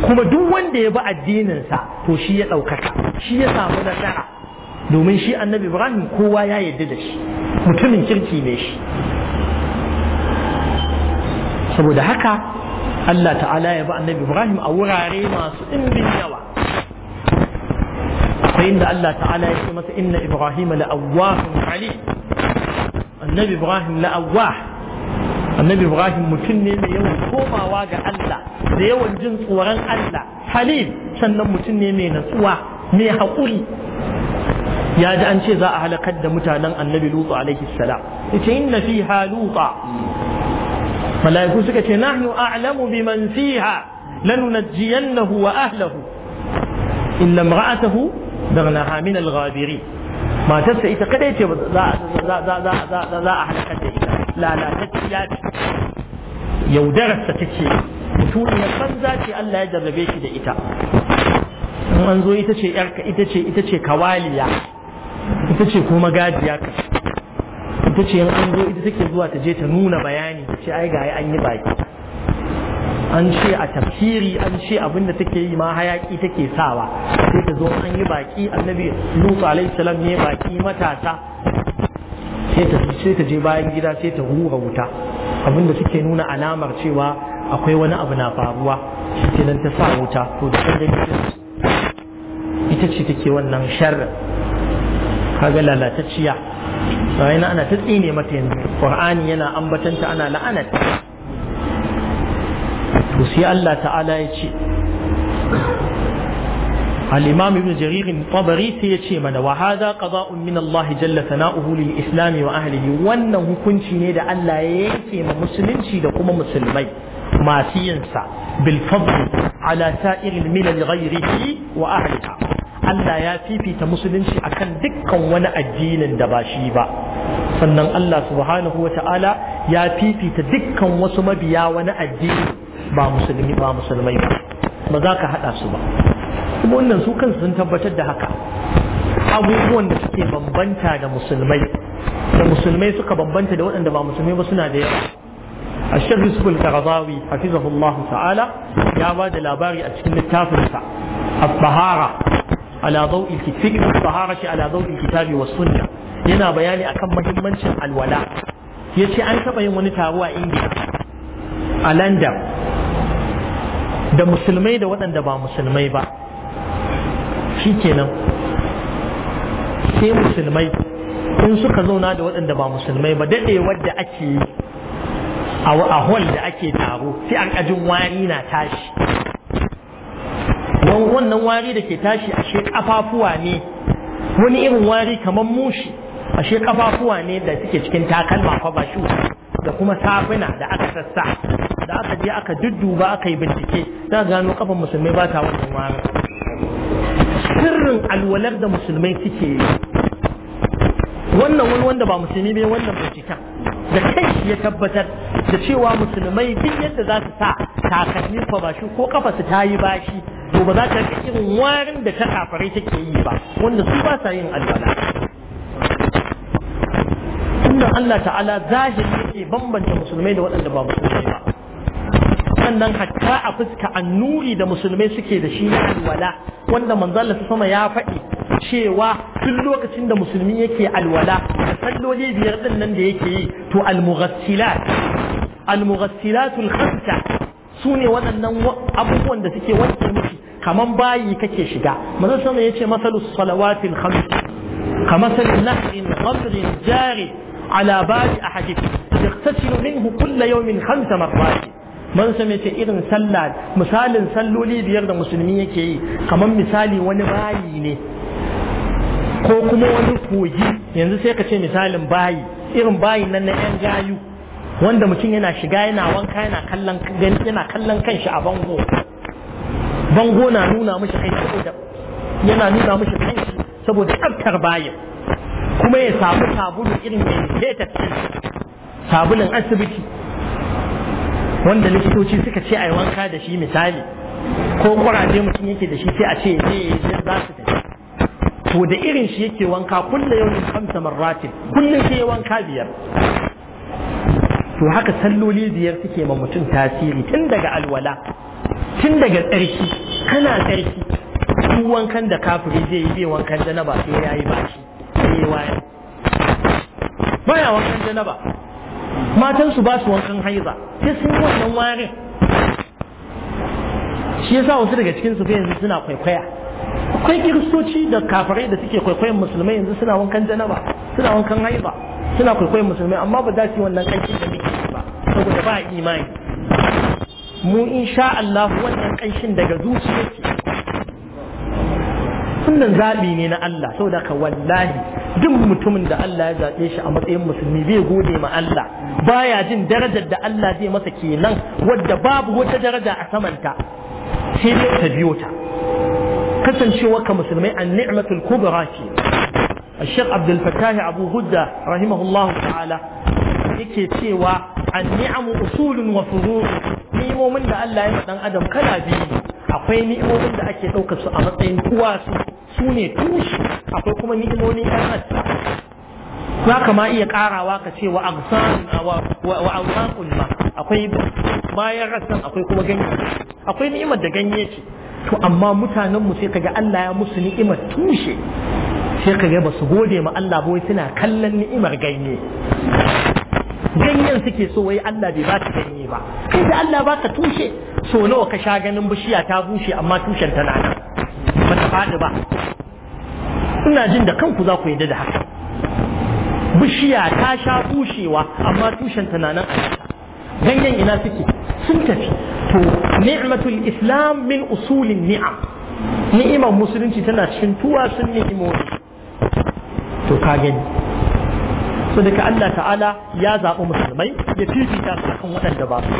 kuma duk wanda ya bi addininsa to shi ya ɗaukaka shi ya samu nasara domin shi annabi ibrahim kowa ya yarda da shi mutumin kirki ne shi saboda haka Allah ta'ala ya ba annabi ibrahim a wurare masu ɗimbin yawa Akwai inda Allah ta'ala ya ce masa inna ibrahim la'awwahun ali annabi ibrahim la'awwah annabi ibrahim mutum ne mai yawan komawa ga Allah da yawan jin tsoron Allah halil sannan mutum ne mai natsuwa mai haƙuri ya ji an ce za a halakar da mutanen annabi lutu alaihi salam ita inna fiha luta mala'iku suka ce nahnu a'lamu biman fiha lanunajjiyannahu wa ahlahu illa imra'atahu daghnaha min al-ghabirin matarsa ita kadai ce za a halakar da ita lalatacciya ce yaudararsa take mutuniyar banza ce Allah ya jarrabe shi da ita in an zo ita ce ita ce ita ce kawaliya ita ce kuma gajiya ka ita ce an zo ita take zuwa ta je ta nuna bayani ta ce ai ga an yi baki an ce a tafsiri an ce abin da take yi ma hayaki take sawa sai ta zo an yi baki annabi lutu alaihi ne baki matasa sai ta ta je bayan gida sai ta hura wuta abin da suke nuna alamar cewa akwai wani abu na faruwa shi ta sa wuta to da ita ce take wannan sharrin kaga lalatacciya sai na ana tatsi mata yanzu qur'ani yana ambatanta ana la'anat to Allah ta'ala ya ce al-imam ibn jarir sai ya ce mana wa hadha qada'un min Allah jalla sana'uhu lil islam wa ahlihi wannan hukunci ne da Allah ya yanke ma musulunci da kuma musulmai masu yinsa bil fadl ala sa'ir al milal ghayrihi wa ahliha Allah ya fifita musulunci akan dukkan wani addinin da ba shi ba sannan Allah subhanahu wa ta'ala ya fifita dukkan wasu mabiya wani addini ba musulmi ba musulmai ba ba za ka haɗa su ba kuma wannan su kansu sun tabbatar da haka abubuwan da suke bambanta da musulmai da musulmai suka bambanta da waɗanda ba musulmai ba suna da yawa الشيخ يوسف الكرضاوي حفظه الله تعالى يا بعد الأباري أتكلم a الطهارة ala daw'i fikr taharati ala daw'i kitabi was sunna yana bayani akan muhimmancin alwala yace an taba yin wani taro a India a London da musulmai da waɗanda ba musulmai ba shikenan sai musulmai in suka zauna da waɗanda ba musulmai ba daɗewar da ake yi a hall da ake taro sai an ajin wari na tashi don wannan wari da ke tashi ashe kafafuwa ne wani irin wari kamar mushi ashe kafafuwa ne da suke cikin takalma fa ba shi da kuma safina da aka sassa da aka je aka dudduba aka yi bincike za gano kafan musulmai ba ta wannan wari sirrin alwalar da musulmai suke yi wannan wani wanda ba musulmi bai wannan binciken da kai shi ya tabbatar da cewa musulmai duk yadda za su sa takalmi fa ba shi ko kafa su ta yi bashi to ba za ta rika irin warin da ta kafarai take yi ba wanda su ba sa yin alwala tunda Allah ta'ala zahiri yake bambanta musulmai da waɗanda ba musulmai ba sannan hatta a fuska annuri da musulmai suke da shi alwala wanda manzalla su sama ya faɗi cewa tun lokacin da musulmi yake alwala da salloli biyar ɗin nan da yake yi to almughassilat almughassilatul khamsa su ne waɗannan abubuwan da suke wanke kaman bayi kake shiga manzo sama yace masalus salawatil khams kamasal nahrin qadrin jari ala bali ahadikum yaqtasilu minhu kull yawmin khams marrat man sama yace irin sallah misalin salloli biyar da musulmi yake yi kamar misali wani bayi ne ko kuma wani kogi yanzu sai ka ce misalin bayi irin bayi nan na yan gayu wanda mutum yana shiga yana wanka yana kallon yana kallon kanshi a bango bango na nuna mishi kai saboda yana nuna mishi kai saboda tsaftar bayan kuma ya samu sabulu irin mai tafi sabulun asibiti wanda likitoci suka ce a yi wanka da shi misali ko kuraje mutum yake da shi sai a ce je za su tafi to da irin shi yake wanka kullum yau in kamsa marratin kullum sai ya wanka biyar to haka salloli biyar suke ma mutum tasiri tun daga alwala tun daga tsarki kana tsarki duk wankan da kafiri zai yi bai wankan janaba sai ya yi bashi sai ya waye baya wankan janaba matan su ba su wankan haiza sai sun yi wannan warin. shi yasa wasu daga cikin su yanzu suna kwaikwaya akwai kiristoci da kafirai da suke kwaikwayon musulmai yanzu suna wankan janaba suna wankan haiza suna kwaikwayon musulmai amma ba za su yi wannan kankin da muke ba saboda ba imani mu insha Allah wannan kanshin daga zuciya ce zaɓi ne na Allah saboda ka wallahi duk mutumin da Allah ya zaɓe shi a matsayin musulmi zai gode ma Allah baya jin darajar da Allah zai masa kenan wadda babu wata daraja a samanta sai dai ta biyo ta kasancewa ka musulmai an ni'matul kubra ce الشيخ عبد الفتاح أبو هدى رحمه الله تعالى yake cewa an-ni'amu usulun wa furu' ni'imomin da Allah ya ma dan adam kala biyu akwai ni'imomin da ake ɗaukar su a matsayin kuwa su sune tushe akwai kuma ni'imomin ƴan za ka ma iya karawa ka ce wa agsan wa ma akwai bayan rassan akwai kuma ganye akwai ni'imar da ganye ce to amma mutanen mu sai kaga Allah ya musu ni'imar tushe sai kaga ba su gode ma Allah ba wai suna kallon ni'imar ganye ganyen suke so wai Allah bai ba ta ganye ba kai da Allah ba ka tushe so nawa ka sha ganin bishiya ta bushe amma tushen ta nan ba ta faɗi ba ina jin da kanku za ku yadda da haka bishiya ta sha bushewa amma tushen ta nan ganyen ina suke sun tafi to ni'matul islam min usulin ni'am ni'imar musulunci tana cikin tuwa sun ni'imomi to ka gani sadaka Allah ta'ala ya zaɓi musulmai ya fifita su kan waɗanda ba su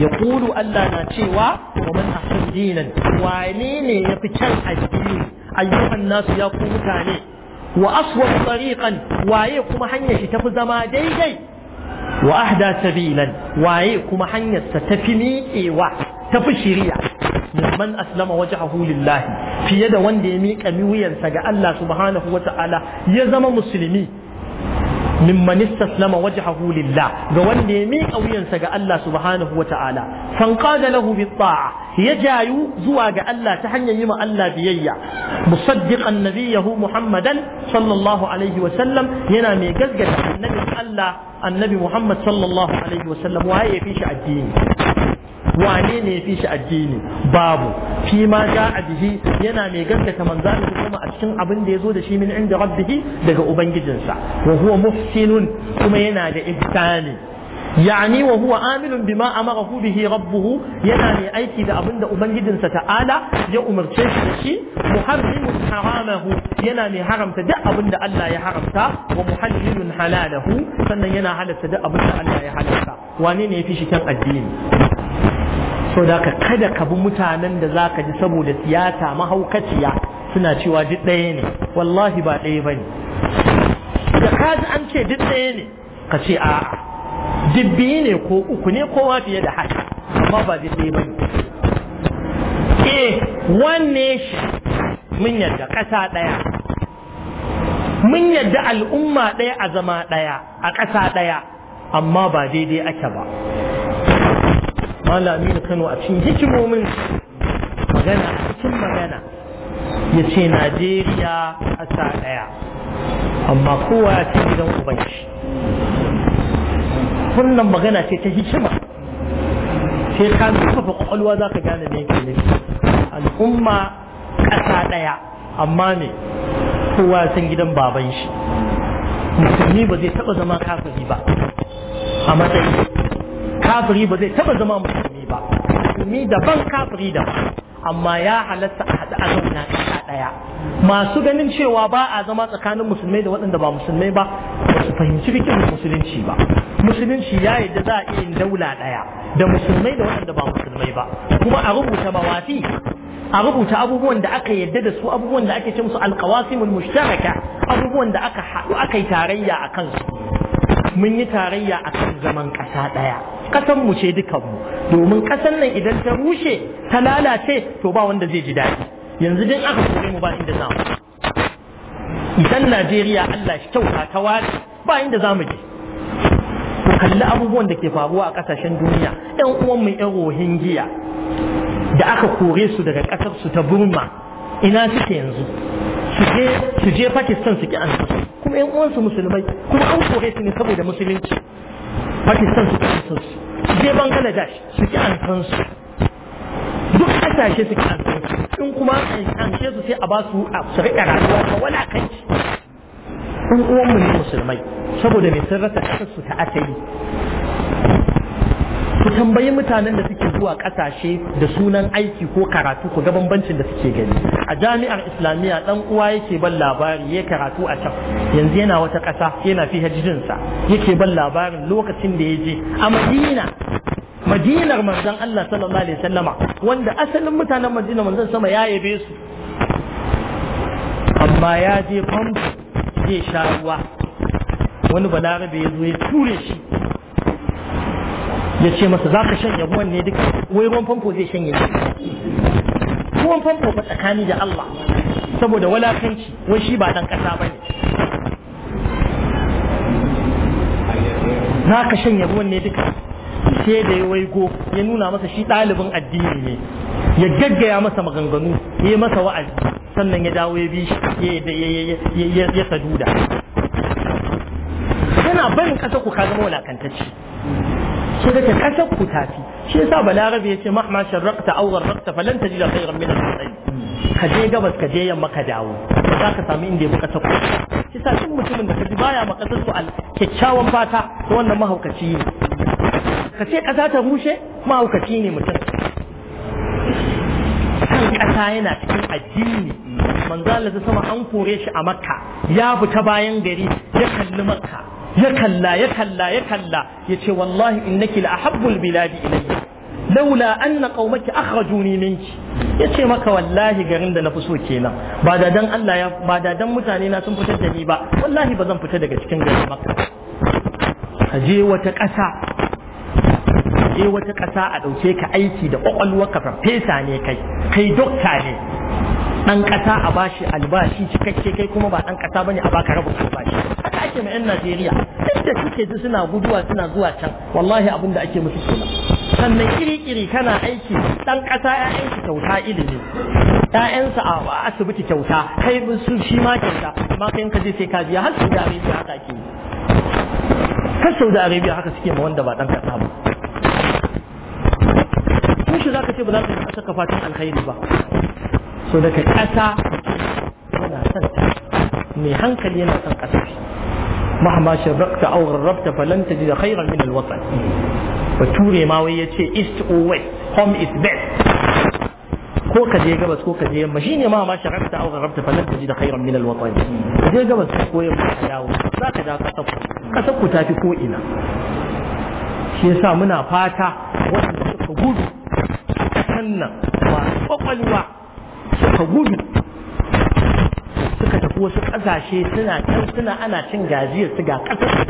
ya kulu Allah na cewa wa man ahsan dinan wani ne ya fi kyan addini ayyuhan nasu ya ku mutane wa aswat tariqan waye kuma hanyar shi tafi zama daidai wa ahda sabilan waye kuma hanyar sa tafi miƙewa tafi shiriya man aslama wajhahu lillahi fiye da wanda ya miƙa miwuyansa ga Allah subhanahu wata'ala ya zama musulmi mimman istaslama wajhahu lillah ga wanda ya miƙa wuyansa ga Allah subhanahu wa ta'ala fanqada lahu bi ta'a ya jayu zuwa ga Allah ta hanyar yi ma Allah biyayya musaddiqan yahu muhammadan sallallahu alaihi wa sallam yana mai gaskata annabin Allah annabi muhammad sallallahu alaihi wa sallam waye fi shi addini wane ne ya fi shi addini babu shi ma ja a bihi yana mai gaskata manzan da kuma a cikin abin da ya zo da shi min inda rabbihi daga ubangijinsa wa huwa muhsinun kuma yana da ihsani yani wa huwa amilun bima amarahu bihi rabbuhu yana mai aiki da abin da ubangijinsa ta'ala ya umarce shi da shi muharrimun haramahu yana mai haramta duk abin da Allah ya haramta wa muhallilun halalahu sannan yana halatta duk abin da Allah ya halatta wane ne ya fi shi kan addini so da ka kada ka bi mutanen da za ka ji saboda siyasa mahaukaciya suna cewa duk ɗaya ne wallahi ba ɗaya ba ne da ka ji an ce duk ɗaya ne ka ce a'a duk biyu ne ko uku ne kowa fiye da haka amma ba duk ɗaya ba ne eh one nation mun yarda ƙasa ɗaya mun yadda al'umma ɗaya a zama ɗaya a ƙasa ɗaya amma ba daidai ake ba malami na kano a cikin hikimomin magana a cikin magana ya ce najeriya a sa ɗaya amma kowa ya ce gidan ubanci wannan magana ce ta hikima sai ka nufafa kwakwalwa za ka gane ne ke al'umma ƙasa ɗaya amma ne kowa san gidan baban shi musulmi ba zai taɓa zama kafiri ba a matsayin kafiri ba zai taba zama musulmi ba musulmi daban kafiri daban amma ya halatta a haɗa a zauna ɗaya masu ganin cewa ba a zama tsakanin musulmai da waɗanda ba musulmai ba ba su fahimci rikin musulunci ba musulunci ya da za a iya yin daula ɗaya da musulmai da waɗanda ba musulmai ba kuma a rubuta mawafi a rubuta abubuwan da aka yadda da su abubuwan da ake ce musu alƙawasimul mushtaraka abubuwan da aka haɗu aka yi tarayya a kansu mun yi tarayya a kan zaman ƙasa ɗaya kasan mu ce dukan mu domin kasan nan idan ta rushe ta lalace to ba wanda zai ji daɗi yanzu din aka kore mu ba inda za mu idan Najeriya Allah shi kyauta ta ware ba inda za mu je ku kalli abubuwan da ke faruwa a kasashen duniya yan uwan mu yan Rohingya da aka kore su daga kasar su ta Burma ina suke yanzu su je Pakistan su ki an kuma ƴan uwansu musulmai kuma an kore su ne saboda musulunci pakistan su ki san su su je bangladesh su ki san su duk kasashe su ki an san su in kuma an ce su sai a ba su a su riƙa rayuwa ta wala kai In uwanmu ne musulmai saboda mai sun rasa su ta asali ku tambayi mutanen da suke zuwa kasashe da sunan aiki ko karatu ku ga bambancin da suke gani a jami'ar islamiyya dan uwa yake ban labari ya karatu a can yanzu yana wata kasa yana fi hajjinsa yake ban labarin lokacin da ya je a madina madinar manzon Allah sallallahu alaihi wasallama wanda asalin mutanen madina manzon sama ya yabe su amma ya je famfo zai sha ruwa wani balarabe ya zo ya ture shi ya ce masa za ka shanye ruwan ne duka wai ruwan famfo zai shanye ne ruwan famfo ba tsakani da Allah saboda walakanci wai shi ba dan kasa ba ne za ka shanye ruwan ne duka sai da ya waigo ya nuna masa shi ɗalibin addini ne ya gaggaya masa maganganu ya yi masa wa'azi sannan ya dawo ya bi shi ya saduda suna barin ƙasa ku ka zama walakantacce shi da kasar ku tafi shi yasa balarabe ya ce sharraqta aw gharraqta falan tajida khayran min al-husayn ka je gabas ka je yamma ka dawo za ka sami inda ya buka sako shi sa mutumin da kaji baya ma kasar su kyakkyawan fata to wannan mahaukaci ne ka ce kasa ta rushe mahaukaci ne mutum kan kasa yana cikin addini manzo Allah sama an kore shi a makka ya fita bayan gari ya kalli makka ya kalla ya kalla ya kalla ya ce wallahi innaki la ahabbul biladi ilayya laula anna qaumaki akhrajuni minki ya ce maka wallahi garin da na fi so kenan ba da dan Allah ya ba da dan mutane na sun fita da ni ba wallahi ba zan fita daga cikin garin Makka aje wata ƙasa je wata ƙasa a ɗauke ka aiki da ka farfesa ne kai kai dokta ne ɗan ƙasa a bashi albashi cikakke kai kuma ba ɗan ƙasa bane a baka rabin albashi haka ake ma 'yan Najeriya duk da suke ji suna guduwa suna zuwa can wallahi abin da ake musu kenan sannan kiri-kiri kana aiki ɗan ƙasa ya aiki kyauta ilimi ‘ya'yansu a asibiti kyauta kai su shi ma kyauta amma kai in ka je sai ka biya har Saudi Arabia haka ake yi har Saudi Arabia haka suke ma wanda ba ɗan ƙasa ba kun shi za ka ce ba za ka yi ƙasar ka fatan alkhairi ba so daga ƙasa yana son ta. mai hankali yana son ƙasa rabta, shabrakta aw rarrabta falan tajida khairan min alwatan bature ma wai ce east or west home is best ko ka je gabas ko ka je yamma shine ma ma sharafta aw gharabta falan tajida khairan min alwatan je gabas ko yamma ka dawo za ka dawo kasar kasar ku tafi ko ina shi yasa muna fata wanda suka gudu sannan ba kwakwalwa suka gudu suka tafi wasu kasashe suna can suna ana cin gajiyar su ga ƙasar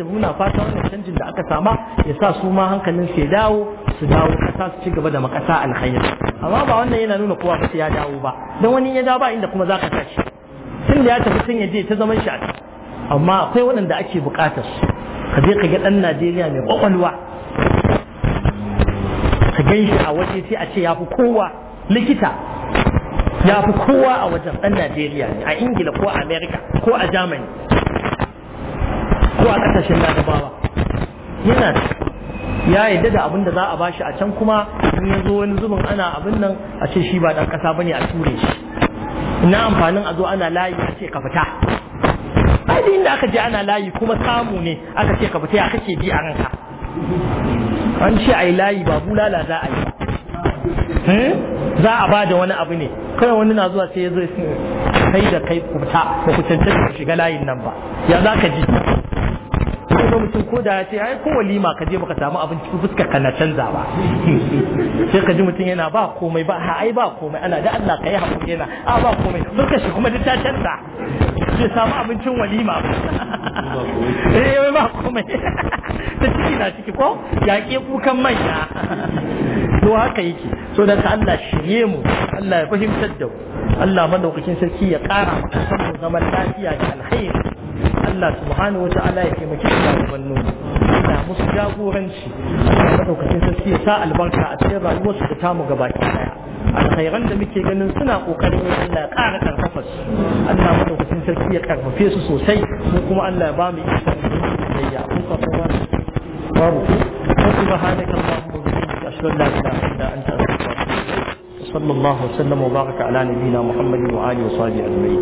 da muna fata wannan canjin da aka sama ya sa su ma hankalin su ya dawo su dawo ƙasa su ci gaba da makasa alkhairi amma ba wannan yana nuna kowa ba ya dawo ba don wani ya dawo ba inda kuma za ka tashi tun da ya tafi sun ya je ta zaman shi amma akwai waɗanda ake buƙatar su ka je ka ga ɗan Najeriya mai ƙwaƙwalwa ka gan shi a waje sai a ce ya fi kowa likita ya fi kowa a wajen ɗan najeriya ne a ingila ko a amerika ko a germany ko a ƙasashen larabawa yana ya yadda da abin da za a bashi a can kuma in ya zo wani zubin ana abin nan a ce shi ba ɗan ƙasa ba ne a ture shi ina amfanin a zo ana layi a ce ka fita ai inda aka je ana layi kuma samu ne aka ce ka fita ya kake bi a ranka an ce a yi layi ba bulala za a yi Eh? za a bada wani abu ne kawai wani na zuwa sai ya zo kai da kai kuta ba ku ku shiga layin nan ba ya za ka ji ko mutum ko da ya ce ai ko walima ka je baka samu abin cikin fuskar ka na canza ba [laughs] sai ka ji mutum yana ba komai ba ha ai ba komai ana da Allah ka yi hakuri yana a ba komai fuskar shi kuma duk ta canza bai samu abincin walima ba eh ba komai ta [laughs] ciki na ciki ko yaƙe kukan manya [laughs] to haka yake so da Allah shirye mu Allah ya fahimtar da mu Allah madaukakin sarki ya ƙara maka zaman lafiya da alheri Allah subhanahu wata'ala ya taimaki da wannan ina musu jagoranci Allah madaukakin sarki ya sa albarka a cikin rayuwarsu da tamu gabaki daya alkhairan da muke ganin suna kokarin yin Allah ƙara karfafa su Allah madaukakin sarki ya karfafe su sosai mu kuma Allah ya ba mu isa da ya kun ka kuma babu subhanaka allahumma wa bihamdika ashhadu an la ilaha illa anta astaghfiruka wa atubu ilaik sallallahu wa sallam wa baraka ala nabiyyina muhammadin wa alihi wa sahbihi ajma'in